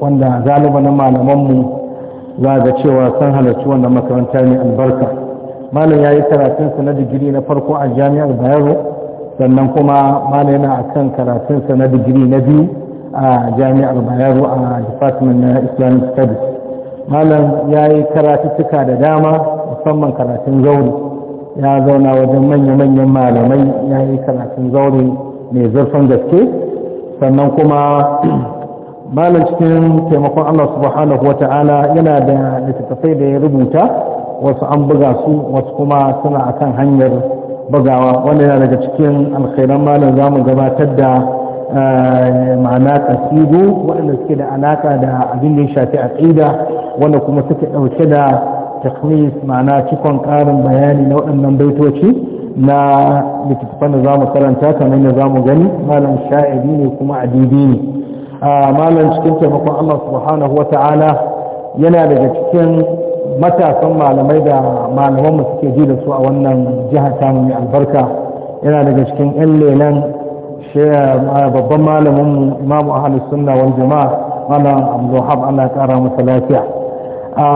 wanda galiba na malamanmu za ga cewa sun halarci wannan makaranta mai albarka malam ya yi karatunsa na digiri na farko a jami'ar bayero sannan kuma malam yana a kan karatunsa na digiri na biyu a jami'ar bayero a department na islamic studies malam ya yi karatuttuka da dama musamman karatun zauri ya zauna wajen manya-manyan malamai ya yi karatun zauri mai zurfin gaske sannan kuma malam cikin taimakon Allah subhanahu wa ta'ala yana da littattafai da ya rubuta wasu an buga su wasu kuma suna akan hanyar bugawa wanda yana daga cikin alkhairan malam za mu gabatar da eh, ma'ana kasidu waɗanda suke da alaƙa da abin da ya shafi aƙida wanda kuma suke ɗauke da takmis ma'ana cikon ƙarin bayani na waɗannan baitoci na littattafan da za mu karanta kamar na za mu gani malam sha'idi ne kuma adibi ne malam cikin taimakon Allah subhanahu wa ta'ala yana daga cikin matasan malamai da malaman mu suke ji da su a wannan jihar ta mai albarka yana daga cikin yan lelan eh, babban malamin mu imamu ahlus sunna wal jama'a malam abdulhab Allah ya kara masa lafiya a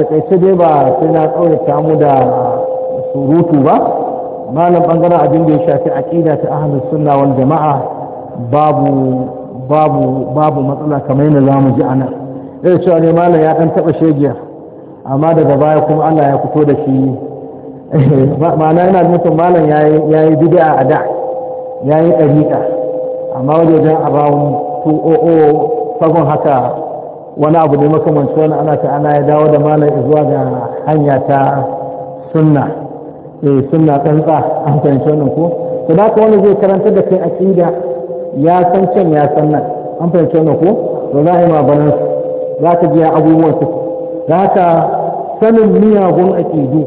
takaice dai ba sai na tsawaita mu da surutu ba malam bangaren abin da ya shafi aqida ta ahlus sunna wal jama'a babu babu matsala kamar yana za mu ji ana ya cewa ne malam ya ɗan taɓa shegiya amma daga baya kuma Allah ya fito da shi ma'ana yana mutum malam ya yi bid'a a da ya yi ɗariƙa amma wajen a bawa 200 sabon haka wani abu ne makamanci wani ana ta ana ya dawo da malam zuwa ga hanya ta sunna eh sunna tsantsa an fahimci wannan ko to da wani zai karanta da kai aqida ya san can ya san nan an fahimci wannan ko to za a yi su za ka biya abubuwan su za ka sanin miyagun aƙidu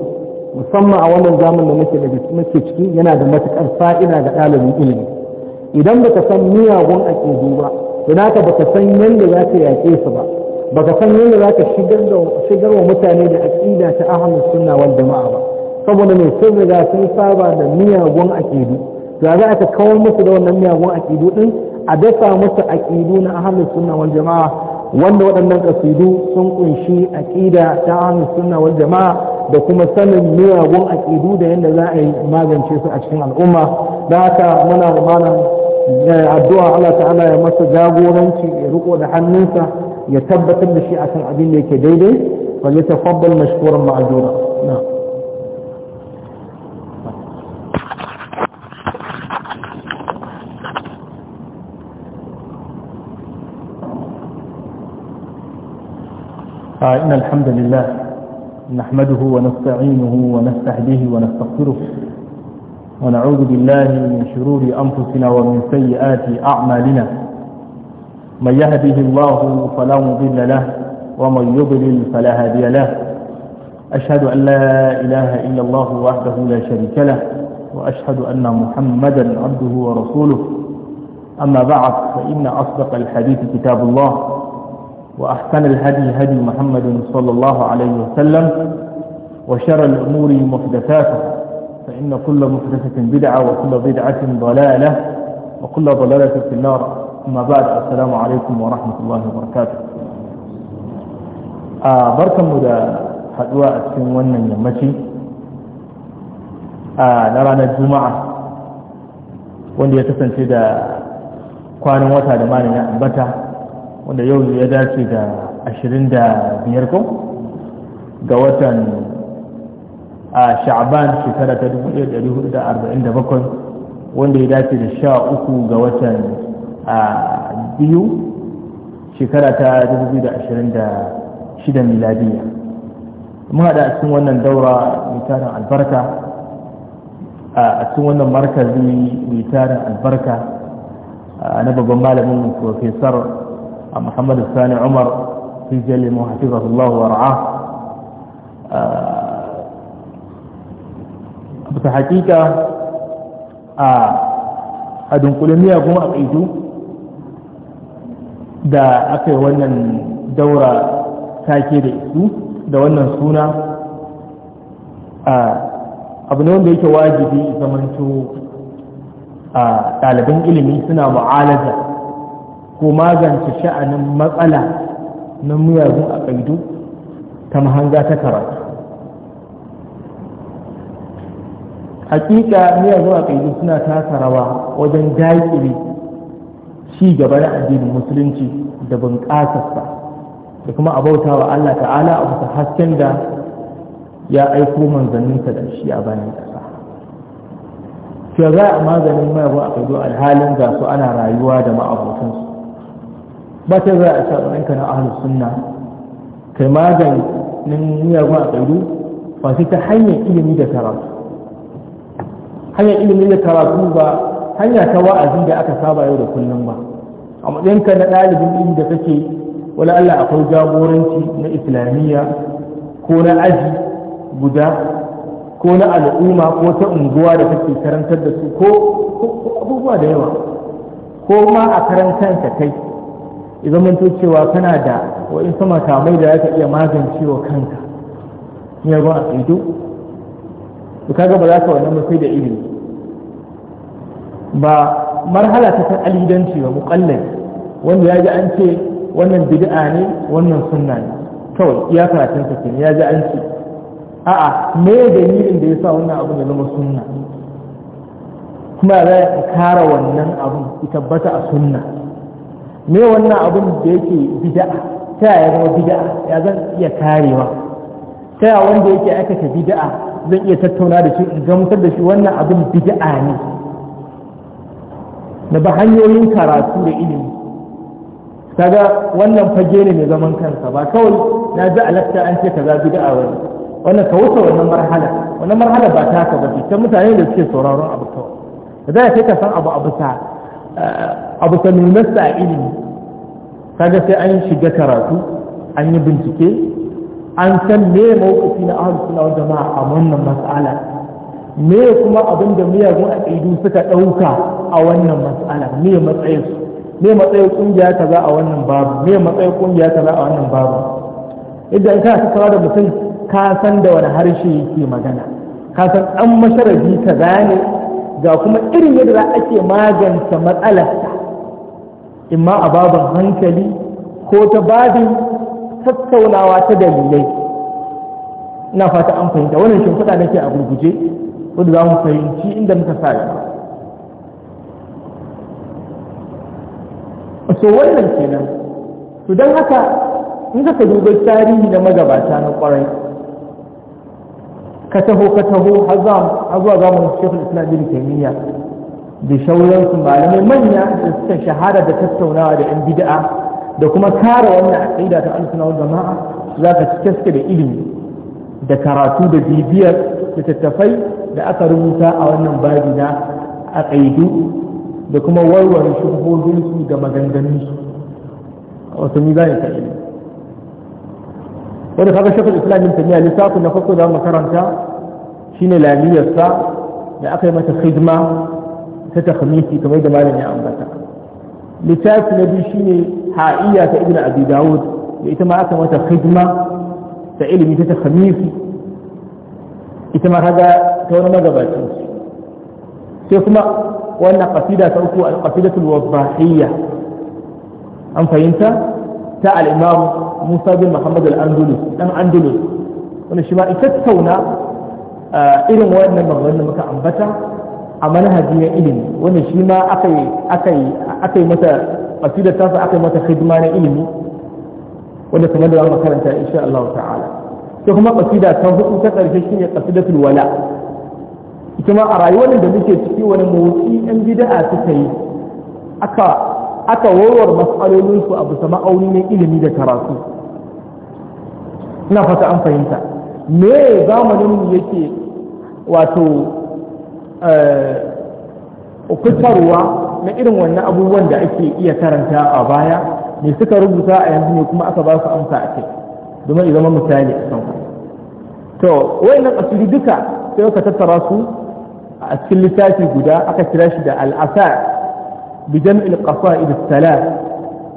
musamman a wannan zamanin da muke da muke ciki yana da matukar fa'ida ga ɗalibin ilimi idan baka san miyagun aƙidu ba to naka baka san yadda za ka yaƙe su ba baka san yadda za ka shigar wa mutane da aƙida ta ahlus sunna wal jama'a ba saboda mai sun riga sun saba da miyagun aƙidu ya za a kawo musu da wannan miyagun aƙidu ɗin a dasa musu aƙidu na ahalin sunna wal jama'a wanda waɗannan ƙasidu sun kunshi aƙida ta ahalin sunna wal jama'a da kuma sanin miyagun aƙidu da yadda za a yi magance su a cikin al'umma da haka muna da eh, addu'a Allah ta'ala ya masa jagoranci ya riko da hannunsa ya tabbatar da shi akan abin da yake daidai wal yatafaddal mashkuran ma'jura na'am آه، إن الحمد لله نحمده ونستعينه ونستهديه ونستغفره ونعوذ بالله من شرور أنفسنا ومن سيئات أعمالنا من يهده الله فلا مضل له ومن يضلل فلا هادي له أشهد أن لا إله إلا الله وحده لا شريك له وأشهد أن محمدا عبده ورسوله أما بعد فإن أصدق الحديث كتاب الله وأحسن الهدي هدي محمد صلى الله عليه وسلم وشر الأمور محدثاتها فإن كل محدثة بدعة وكل بدعة ضلالة وكل ضلالة في النار أما بعد السلام عليكم ورحمة الله وبركاته آه بركم مدى حدواء السنوان يمتي آه، نرانا الجمعة wanda يتسن kasance da kwanan wata da malin wanda yau ya dace da 25 ko ga watan a sha'ban shekara ta 1447 wanda ya dace da 13 ga watan a biyu shekara ta 2026 miladiya mun haɗa a cikin wannan daura mai tarin albarka a cikin wannan markazi mai tarin albarka na babban malamin profesor محمد الثاني عمر في جل حفظه الله ورعاه bisa hakika a dunkule miyagun a ƙaidu da aka yi wannan daura take da isu da wannan suna abu ne wanda yake wajibi zamanto ɗaliban ilimi suna mu'alaza ko magance sha'anin matsala na miyagun aƙaidu ta mahanga ta karatu hakika miyagun aƙaidu suna taka rawa wajen daƙiri ci gaba da addinin musulunci da bunƙasarsa da kuma abauta wa Allah ta'ala a bisa hasken da ya aiko manzanninsa da shi a bayan ƙasa shi za a maganin miyagun aƙaidu alhalin gasu su ana rayuwa da ma'abotansu ba ta za a sa ranka na ahlus sunna kai maganin miyagun a ɗaru ba sai ta hanyar ilimi da karatu hanyar ilimi da karatu ba hanya ta wa'azi da aka saba yau da kullum ba a matsayinka na ɗalibin ilimi da kake wani Allah akwai jagoranci na islamiyya ko na aji guda ko na al'umma ko ta unguwa da kake karantar da su ko abubuwa da yawa ko ma a ka kai idan mun to cewa kana da wa'insu makamai da zaka iya magancewa kanka ne a aqidu to kaga ba za ka wannan mutai da ilimi ba marhala ta ta alidanci ba muqallid wanda ya ji an ce wannan bid'a ne wannan sunna ne kawai iya karatun sa kenan ya ji an ce a'a me dalilin da yasa wannan abu ne zama sunna kuma za ka kara wannan abu ya tabbata a sunna me wannan abin da yake bid'a ta yaya zama bid'a ya zan iya karewa ta ya wanda yake aikata bid'a zan iya tattauna da shi gamsar da shi wannan abin bid'a ne na ba hanyoyin karatu da ilimi kaga wannan fage ne mai zaman kansa ba kawai na ji alatta an ce kaza bid'a wani wannan ka wuce wannan marhala wannan marhala ba ta ka ba ta mutane da suke sauraron abu kawai da za ka san abu abu ta abu ka nuna a ilimi kaga sai an shiga karatu an yi bincike an san me mawukaci na ahal suna wal jama'a a wannan mas'ala me kuma abin da miyagun aƙidu suka ɗauka a wannan mas'ala me matsayin su me matsayin ta za a wannan babu me matsayin ta za a wannan babu idan ka tattauna da mutum ka san da wani harshe yake magana ka san an masharabi ka gane, ga kuma irin yadda za a ke magance matsalar imma a babin hankali ko ta babin tattaunawa ta dalilai ina fata an fahimta wannan shimfiɗa nake a gurguje wanda za mu fahimci inda muka sa so wannan kenan to don haka in ka dubi tarihi na magabata na kwarai ka taho ka taho har zuwa zamanin shekul islam bin taimiyya da shauransu malamai manya da suka shahara da tattaunawa da 'yan bid'a da kuma kare wannan aƙida ta alsuna wal jama'a za ka cikaske da ilimi da karatu da bibiyar littattafai da aka rubuta a wannan babi na aƙaidu da kuma warware shubhohinsu da maganganunsu wasu mizani ta ilimi wanda kaga shakul islamin tamiya lissafin na farko da mu karanta shine lamiyarsa da aka yi mata khidma ta takhmisi kamar da malam ya ambata littafi na biyu shine ha'iya ta ibnu abi dawud da ita ma aka mata khidma ta ilimi ta takhmisi ita ma kaga ta wani magabaci sai kuma wannan qasida ta uku al qasidatu al wadahiyya an fahimta ta al-imam Musa bin Muhammad al-Andalus dan Andalus wannan shi ma ita tauna irin wannan magana muka ambata a manhaji na ilimi wanda shi ma aka yi masa ƙasidar tasa aka yi masa hidima na ilimi wanda kamar da zamu karanta insha Allah ta'ala sai kuma ƙasida ta hudu ta ƙarshe shine ƙasidatul wala ita ma a rayuwar da muke ciki wani motsi yan bid'a suka yi aka aka warwar matsalolin su a bisa ma'auni na ilimi da karatu ina fata an fahimta me zamanin yake wato fitarwa eh, na irin wannan abubuwan da ake iya karanta a baya ne suka rubuta a yanzu ne kuma aka ba su amsa a kai domin zama misali a kanku to wayannan asiri duka sai ka tattara su a cikin littafi guda aka kira shi da al'asar bi jam'il qasaid as-salat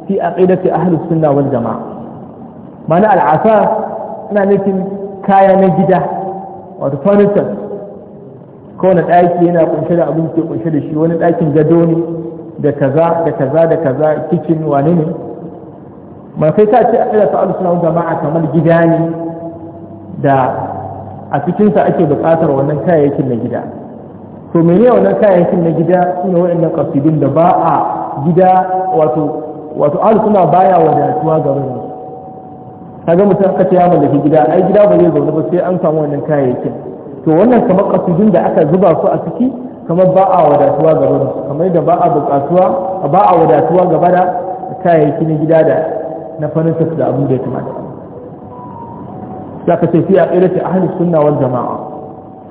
fi aqidati ahli sunna wal jamaa mana al'asar ina nufin kaya na gida wato furniture kowane ɗaki yana kunshe da abin ke kunshe da shi wani ɗakin gado ne da kaza da kaza da kaza kicin wane ne ma sai ta ce ala fa'alu suna jama'a kamar gida ne da a cikinsa ake buƙatar wannan kayayyakin na gida to menene wannan kayayyakin na gida shine wa'annan waɗannan da ba a gida wato wato alu suna baya wadatuwa ga wani kaga mutum aka ce ya mallaki gida ai gida ba zai zaune ba sai an samu wannan kayayyakin to wannan kamar kasudin da aka zuba su a ciki kamar ba a wadatuwa gaba su kamar da ba a bukatuwa ba a wadatuwa gaba da kayayyaki na gida da na furniture da abin da ya kamata za ka ce fi a ƙirƙi ahli sunna wal jama'a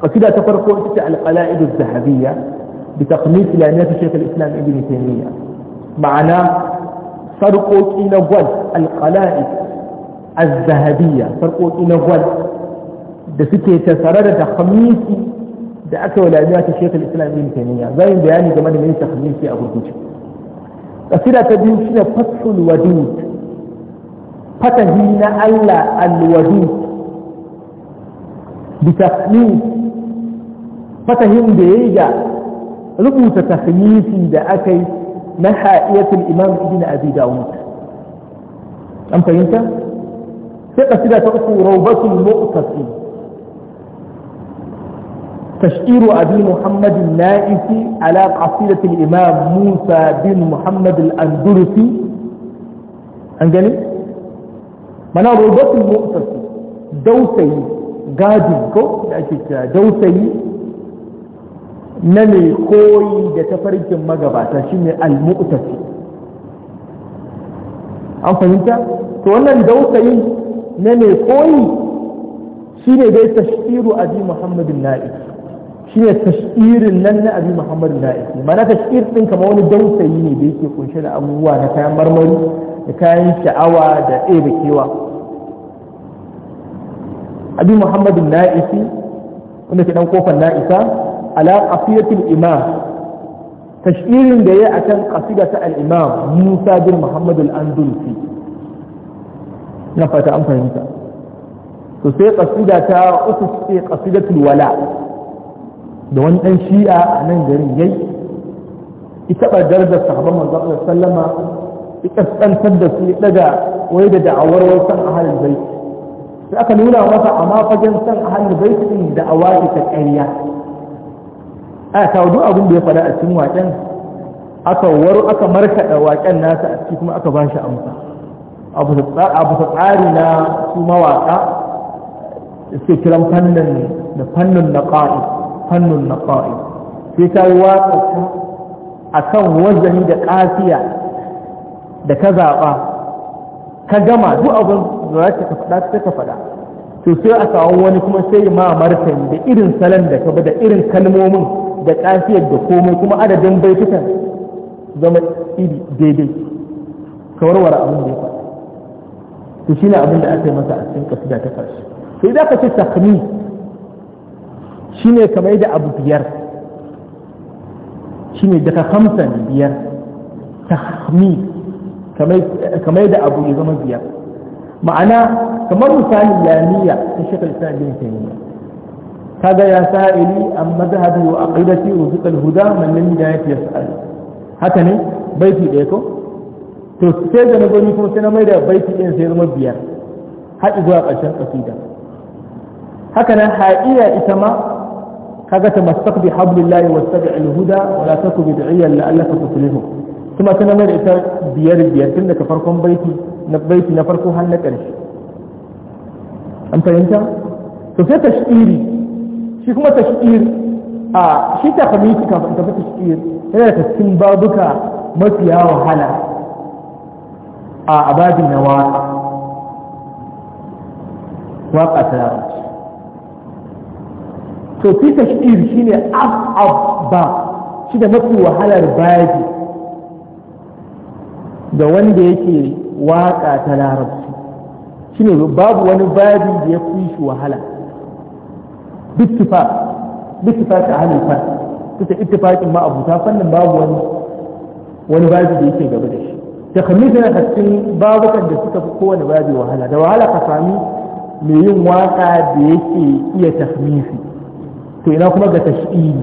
kasida ta farko ita ce al-qala'id az-zahabiyya bi taqmis ilaniyat shaykh al-islam ibn taymiyyah ma'ana sarƙoƙi na gwal al-qala'id az-zahabiyya sarƙoƙi na gwal da suke tasare da takhmisi da aka yi lamiya ta shekul islam ibn taymiya zai bayani game da mai takhmisi a gurguje kasida ta biyu shine fathul wadud fatahi na Allah al-wadud bi takhamis fatahi da yayi ga rubuta takhmisi da aka yi na ha'iyatul imam ibn abi daud an fahimta sai kasida ta uku rawbatul mu'tasim تشعير أبي محمد النائس على قصيدة الإمام موسى بن محمد الأندلسي أنجلي mana robotin motsarsu dausayi gajin ko da ake cewa dausayi na mai koyi da tafarkin magabata shi ne almu'tasi an fahimta to wannan dausayi na koyi dai tashiru abi muhammadin shi ne tashirin nan na abi muhammad da ake mana tashir din kama wani dausayi ne da yake kunshe da abubuwa na kayan marmari da kayan sha'awa da ɗaya kewa abi muhammad da ake wanda ke dan kofar na'isa ala afiyatul imam tashirin da ya akan qasida ta al-imam musa bin muhammad al-andalusi na fata an fahimta to sai qasida ta uku sai qasidatul wala' da wani ɗan shi'a a nan garin yayi ita ɓargar da sahabban manzo Allah sallama ita tsantar da su daga wai da da'awar wai san ahalul bait sai aka nuna masa amma fagen san ahalul bait din da'awa ita ƙarya a ta duk abin da ya faɗa a cikin waƙen aka waro aka markaɗa waƙen nasa a ciki kuma aka ba shi amsa abu ta tsari na su mawaƙa suke kiran fannin da fannin na ƙa'i fannun na sai ta yi waƙa a kan wazani da ƙafiya da ka zaɓa ka gama duk abin da za ka faɗa sai ka faɗa to sai a kawo wani kuma sai ma martani da irin salon da ka bi da irin kalmomin da ƙafiyar da komai kuma adadin baitukan zama iri daidai ka warware abin da ya faɗa to shi ne abin da aka yi masa a cikin kasida ta ƙarshe sai za ka ce takmi Shi ne kamar da abu biyar shi ne daga hamsin biyar tahmi kamar da abu ya zama biyar ma'ana kamar misalin lamiya ta shekar islam bin taimiyya ga ya sa'ili an mazhabi wa aqidati ruzuq al-huda man lam yadayat yas'al haka ne baiti da ko to sai da na gani kuma sai na mai da baiti din sai zama biyar haɗi zuwa ƙarshen ƙasida haka nan ha'iya ita ma kaga tamassak bi hablillahi wastabi'il huda wala taku bid'iyan la'allaka tuflihu kuma kana mai ita biyar biyar tun daga farkon baiti na baiti na farko har na ƙarshe an fahimta to sai tashkiri shi kuma tashkir a shi ta kamiti kafin ta tashkir yana da cikin babuka mafiya wahala a abadin na waƙa waƙa ta larabci to fi tashkir shine ba shi da mafi wahalar baji da wanda yake waka ta larabci shine babu wani babi da ya fi shi wahala duk bittifa ta halin fa kusa ittifaqin ma abuta fannin babu wani wani babi da yake gaba da shi ta khamisa na cikin babukan da suka fi kowane babi wahala da wahala ka sami mai yin waka da yake iya tahmisi to ina kuma ga tashiri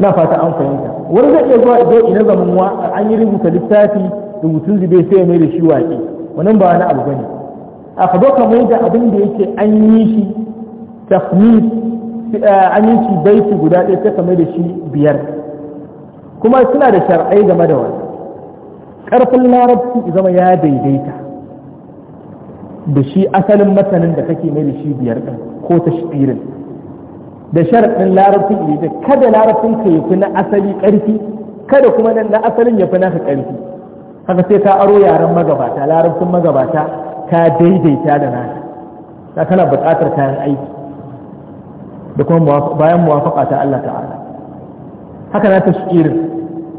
na fata an fahimta wani zai iya zuwa idan ina zaman wa an yi rubuta littafi rubutun zube sai ya mai da shi waƙe wannan ba wani abu bane a zo ka abin da yake an yi shi tafmis eh, an yi shi baiti guda ɗaya sai ka mai da shi biyar kuma suna da shar'ai game da wani ƙarfin larabci zama ya daidaita da shi asalin masanin da kake mai da shi biyar ɗin ko ta shirin da sharaɗin larabcin ilimi kada larabcin ka yafi na asali ƙarfi kada kuma nan na asalin yafi naka ƙarfi haka sai ka aro yaren magabata larabcin magabata ka daidaita da naka ta kana buƙatar kayan aiki da kuma bayan muwafaƙa ta Allah ta'ala haka na irin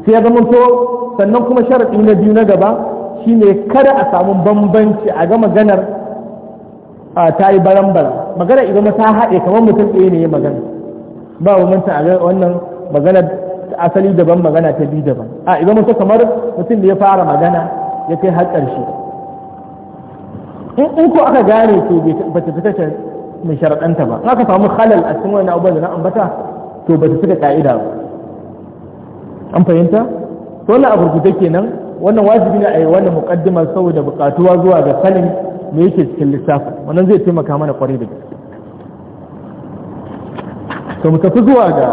sai ya zama to sannan kuma sharaɗi na biyu na gaba shine kada a samu bambanci a ga maganar ta yi baran-baran magana idan ta haɗe kamar mutum ɗaya ne ya magana ba manta a wannan magana asali daban magana ta biyu daban a idan mutum kamar mutum da ya fara magana ya kai har ƙarshe in ko aka gane to ba ta fita mai sharaɗanta ba in aka samu halal a cikin wani abubuwan da na ambata to ba ta fita ka'ida ba an fahimta to wannan a gurguje kenan wannan wajibi ne a yi wannan muƙaddimar saboda buƙatuwa zuwa ga salin me yake cikin littafin wannan zai taimaka mana kwarai da gaske to mu tafi zuwa ga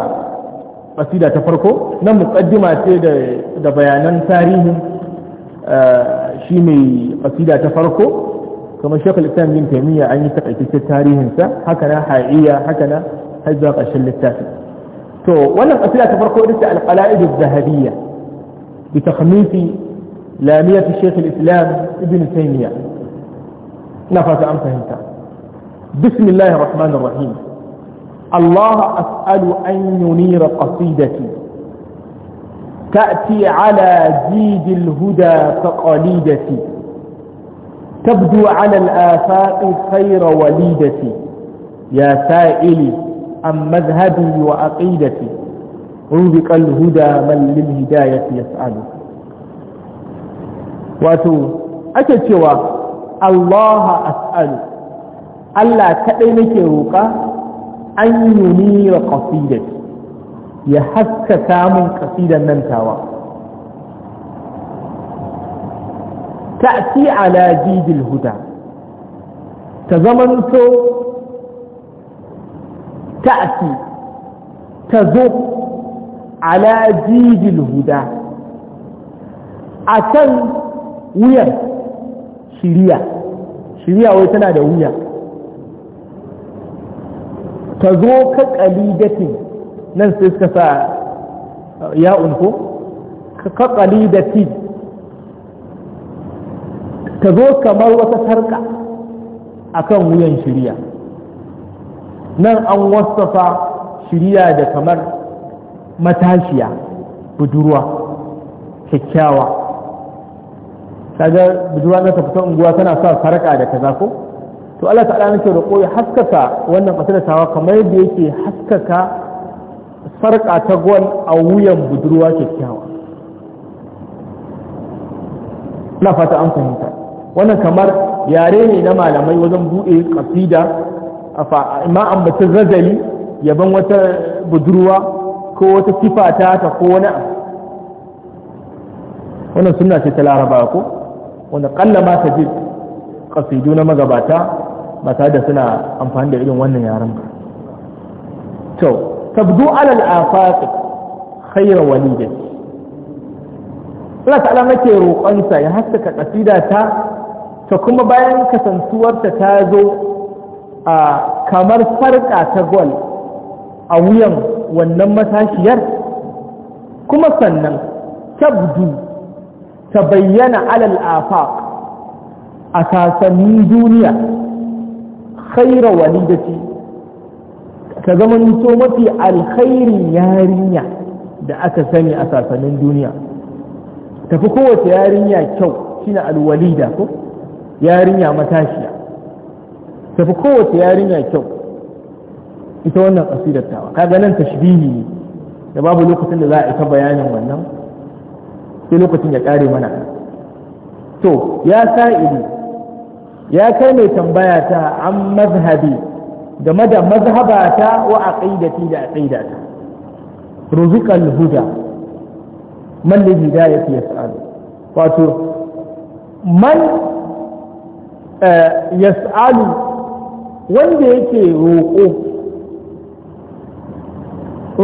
asida ta farko nan mu kaddima ce da da bayanan tarihin shi ne asida ta farko kamar shekul islam bin taimiyya an yi takaitaccen sa haka na ha'iya haka na har zuwa ƙarshen littafi to wannan asida ta farko ita ce al-qala'id az-zahabiyya bi takhmisi lamiyat shaykh al-islam ibn taimiyya ina أم فهمت بسم الله الرحمن الرحيم الله أسأل أن ينير قصيدتي تأتي على جيد الهدى تقاليدتي تبدو على الآفاق خير وليدتي يا سائلي عن مذهبي وعقيدتي رزق الهدى من للهداية يسأل واتو أتتوا Allah as'alu Allah kaɗai nake roƙa an yuni wa qasidati ya haska samun qasidan nan tawa ta'ti ala jidil huda ta zamanto ta'ti ta zo ala jidil huda akan wuyan. shiriya shiriya wai tana da wuya ta zo ka kalidatin nan sai suka sa uh, ya unko ka kalidatin ta zo kamar wata sarka akan wuyan shiriya nan an wasafa shiriya da kamar matashiya budurwa kyakkyawa kaga budurwa na ta fita unguwa tana sa faraka da kaza ko to Allah ta'ala nake roƙo ya haskaka wannan fasalatawa kamar yadda yake haskaka farka ta gwal a wuyan budurwa kyakkyawa na fata an fahimta wannan kamar yare ne na malamai wajen buɗe kasida ma ambacin razali yaban wata budurwa ko wata sifa ta ko wani wannan suna ce ta larabawa ko wanda kalla ma ta ji kasidu na magabata ba tare da suna amfani da irin wannan yaren ba to tabdu alal afaq khayra walida Allah ta'ala nake roƙonsa ya haskaka kasida ta ta kuma bayan kasantuwarta ta zo a kamar farka ta gol a wuyan wannan matashiyar kuma sannan tabdu ta bayyana alal afa a sasannin duniya khaira walidati ka zama nito mafi alkhairin yarinya da aka sani a sasannin duniya tafi kowace yarinya kyau shine alwalida ko yarinya matashiya tafi kowace yarinya kyau ita wannan kasidar tawa kaga nan tashbihi ne da babu lokacin da za a ita bayanin wannan sai lokacin ya kare mana to ya sa'ili ya kai mai tambaya ta an mazhabi game da mazhabata wa aqidati da aqidata ruziqal huda man li hidayati yas'alu wato man eh, yas'alu wanda yake roƙo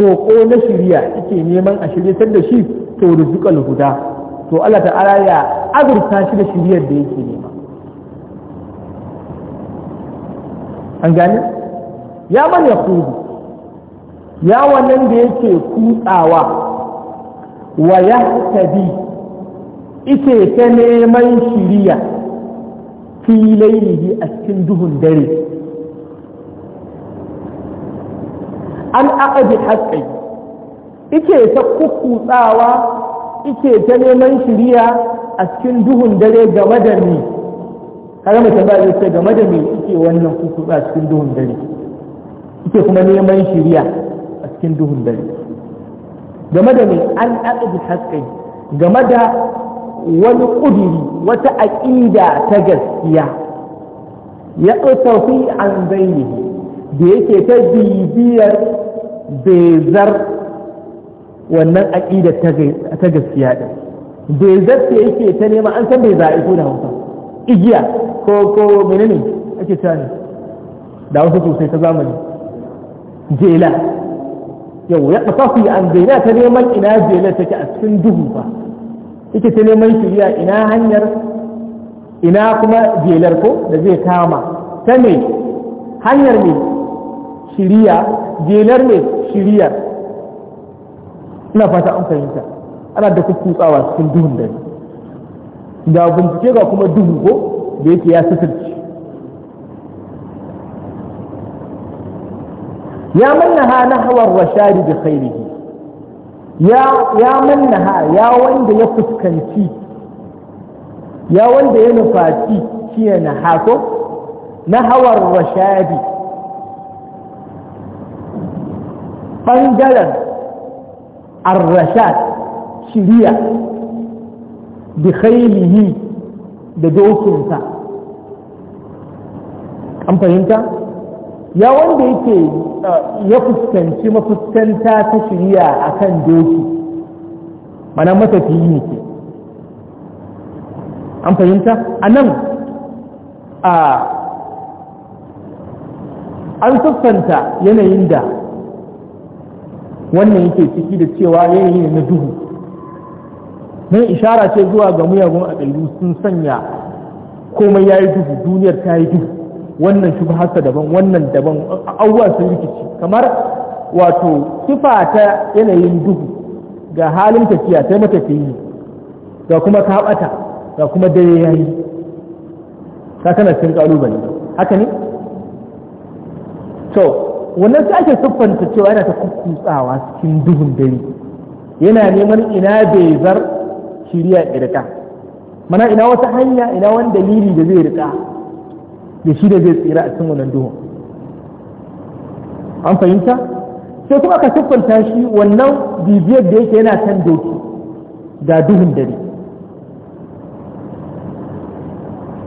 roƙo na shirya yake neman a shirya da shi to rizqal huda to Allah ta'ala ya azurta shi da shiriyar da yake nema an gane ya man kudu ya wannan da yake kutsawa wa tabi ite ta neman shiriya fi lailihi a cikin duhun dare an aqdi haqqi ike ta kukkutsawa ike ta neman shiriya a cikin duhun dare game da ni kaga mace ba zai ce game da ni ike wannan kukkutsa a cikin duhun dare ike kuma neman shiriya a cikin duhun dare game da ni an aqdi haqqi game da wani ƙudiri wata aƙida ta gaskiya ya tsofi an zayyani da yake ta bibiyar bezar wannan aƙida ta gaskiya ɗin bai zarta yake ta nema an san bai za'i ko da hausa igiya ko ko menene ake ta ne da wasu sosai ta zamani jela yau ya ɓata su yi an zaina ta neman ina jela take a cikin duhu fa yake ta neman shirya ina hanyar ina kuma jelar ko da zai kama ta ne hanyar ne shiriya jelar ne shiriyar ina fata an fahimta ana da tsawa cikin duhun da ga bincike ga kuma duhu ko da yake ya sitirci ya manna na nahwar rashadi da khairihi ya ya ha ya wanda ya fuskanci ya wanda ya nufaci shi na hako nahwar rashadi bangaren An rashad shiriya bi da dokinsa an fahimta ya wanda yake ya fuskanci mafuskanta ta shiriya akan doki mana matafiyi ne ke an fahimta a nan an sassanta yanayin da wannan yake ciki da cewa yanayi ne na duhu mai ishara ce zuwa ga muyagun aƙilu sun sanya komai ya yi duhu duniyar ta yi duhu wannan shubhasa daban wannan daban abubuwa sun rikici kamar wato sifa ta yanayin duhu ga halin tafiya sai matafiyi ga kuma kaɓata ga kuma dare ya yi ta tana cikin ƙalubale haka ne to wannan sai ake siffanta cewa yana ta kukkutsawa cikin duhun dare yana neman ina bai zar shiriya irka mana ina wata hanya ina wani dalili da zai rika da shi da zai tsira a cikin wannan duhun an fahimta sai kuma aka siffanta shi wannan bibiyar da yake yana kan doki ga duhun dare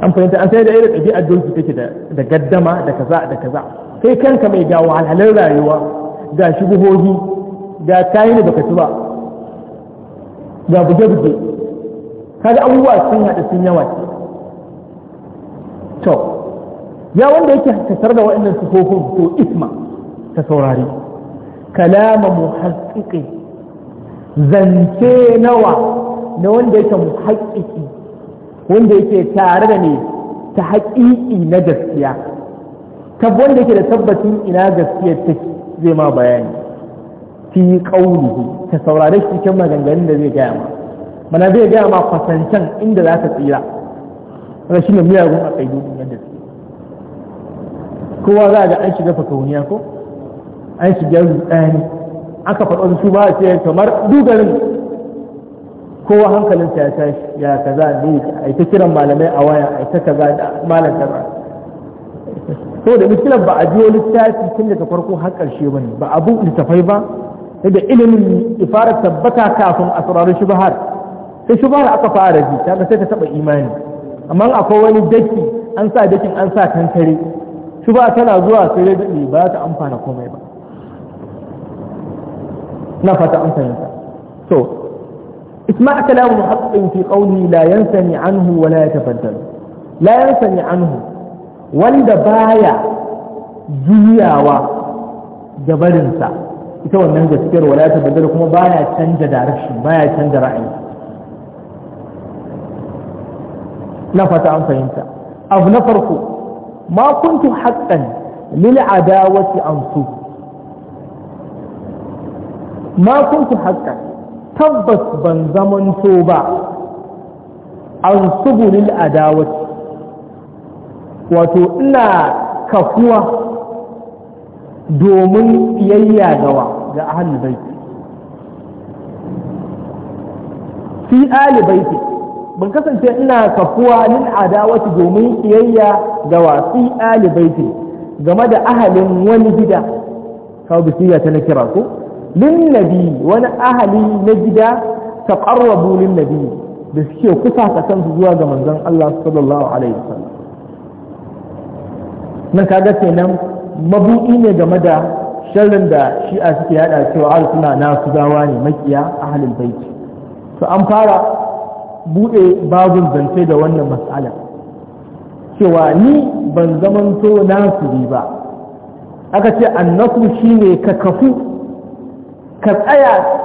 an fahimta an sai da irin ɗabi'ar doki take da gaddama da kaza da kaza kai kanka mai ga wahalhalar rayuwa ga shubuhohi ga kayi da baka ci ba ga buge-buge kaga abubuwa sun haɗu sun yawa ce to ya wanda yake tattar da waɗannan sufofin to isma ta saurari kalama muhaqqiqi zance nawa na wanda yake muhaqqiqi wanda yake tare da ne ta haƙiƙi na gaskiya tabbon da yake da tabbacin ina gaskiyar take zai ma bayani fi qaulihi ta saurare shi cikin maganganun da zai gaya ma mana zai gaya ma kwasancan inda za ta tsira rashin da miyagun a kaidu yadda kowa za a ga an shiga fakauniya ko an shiga rudani aka faɗo su ba a ce kamar dugarin kowa hankalinsa ya tashi ya kaza ne a ita kiran malamai a waya a ita kaza da malam so misalan ba a biyo littafi tun daga farko har ƙarshe ba ne ba abu littafai ba sai da ilimin ifara tabbata kafin a saurari shubahar sai shubahar aka fara ji ta sai ta taɓa imani amma akwai wani daki an sa dakin an sa kankare shubha tana zuwa sai da daɗe ba ta amfana komai ba na fata an fahimta to isma' kalamu haqqin fi qawli la yansani anhu wa la yatafaddal la yansani anhu wanda baya juyawa da barinsa ita wannan gaskiyar wala ta bazar kuma baya canja direction baya canja ra'ayi na fata an fahimta abu na farko ma kuntu haqqan lil adawati ansu ma kuntu haqqan tabbas ban zamanto ba an subu lil adawati wato ina kafuwa domin iyayya gawa ga ahalul baiti fi ali baiti ban kasance ina kafuwa lil adawati domin iyayya gawa fi ali baiti game da ahalin wani gida kawo bisiya ta na kira ko lin nabi wani ahali na gida ta qarrabu lin nabi da suke kusa ka san zuwa ga manzon Allah sallallahu alaihi wasallam nan kaga kenan mabuɗi ne game da sharrin da shi'a suke yaɗa cewa har suna na su gawa ne makiya halin baici. to an fara buɗe babun zance da wannan mas'ala cewa ni ban zamanto bi ba aka ce annasu shine ka kafu ka tsaya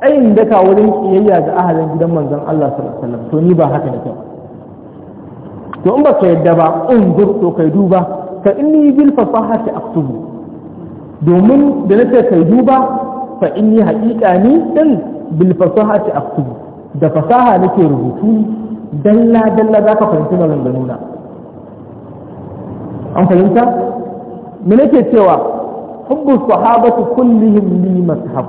tsayin daka wurin kiyayya ga ahalin gidan manzon Allah sallallahu alaihi wasallam to ni ba haka nake to in ba ka yadda ba in zur to kai duba fa inni bil fasahati aktubu domin da na kai duba fa inni haqiqa ni din bil fasahati aktubu da fasaha nake rubutu dalla dalla zaka fahimci maganganuna an fahimta me nake cewa hubbu sahabatu kullihim li mazhab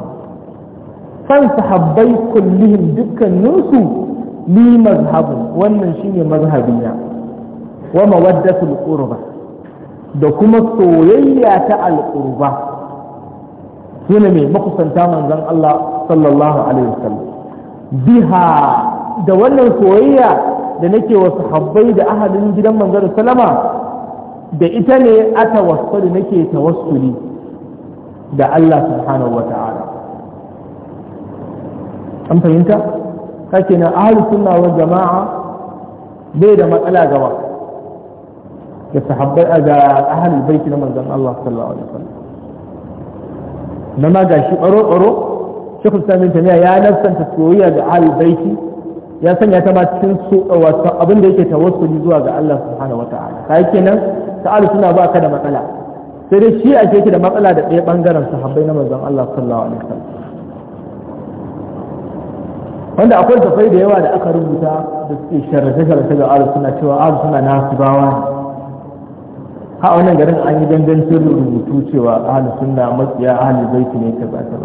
san sahabbai kullihim dukkaninsu li mazhabu wannan shine mazhabina wa mawaddatul qurba da kuma soyayya ta alƙurba su mai makusanta manzon Allah sallallahu alaihi wasallam biha da wannan soyayya da nake wa sahabbai da ahalin gidan manzon sallama da ita ne ata wasu nake tawassuli da Allah subhanahu wa an fahimta kake na ahalin sunna wal jama'a bai da matsala gaba da sahabbai da ahlul baiti na manzon Allah sallallahu alaihi wasallam nama gashi baro baro shekul sami tamiya ya nafsanta soyayya ga ahlul baiti ya sanya ta ma cikin su wato abin da yake tawassuli zuwa ga Allah subhanahu wataala kai kenan ta'alu suna ba ka da matsala sai dai shi ake ki da matsala da ɗaya bangaren sahabbai na manzon Allah sallallahu alaihi wasallam wanda akwai tafai da yawa da aka rubuta da suke sharrace sharrace ga ahlus suna cewa ahlus suna nasibawa ne ha wannan garin an yi dangancin rubutu cewa ahalus sunna matsiya ahalul baiti ne ta ba ta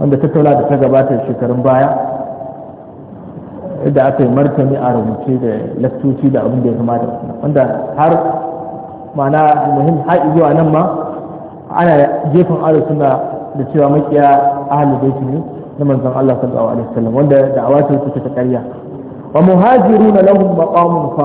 wanda ta taula da ta gabata shekarun baya yadda aka yi martani a rubuce da lakcoci da abin da ya kamata wanda har ma'ana muhim har zuwa nan ma ana gefen ahalus sunna da cewa makiya ahalul baiti ne na manzon Allah sallallahu alaihi wasallam wanda da ce ta ta ƙarya wa muhajiruna lahum maqamun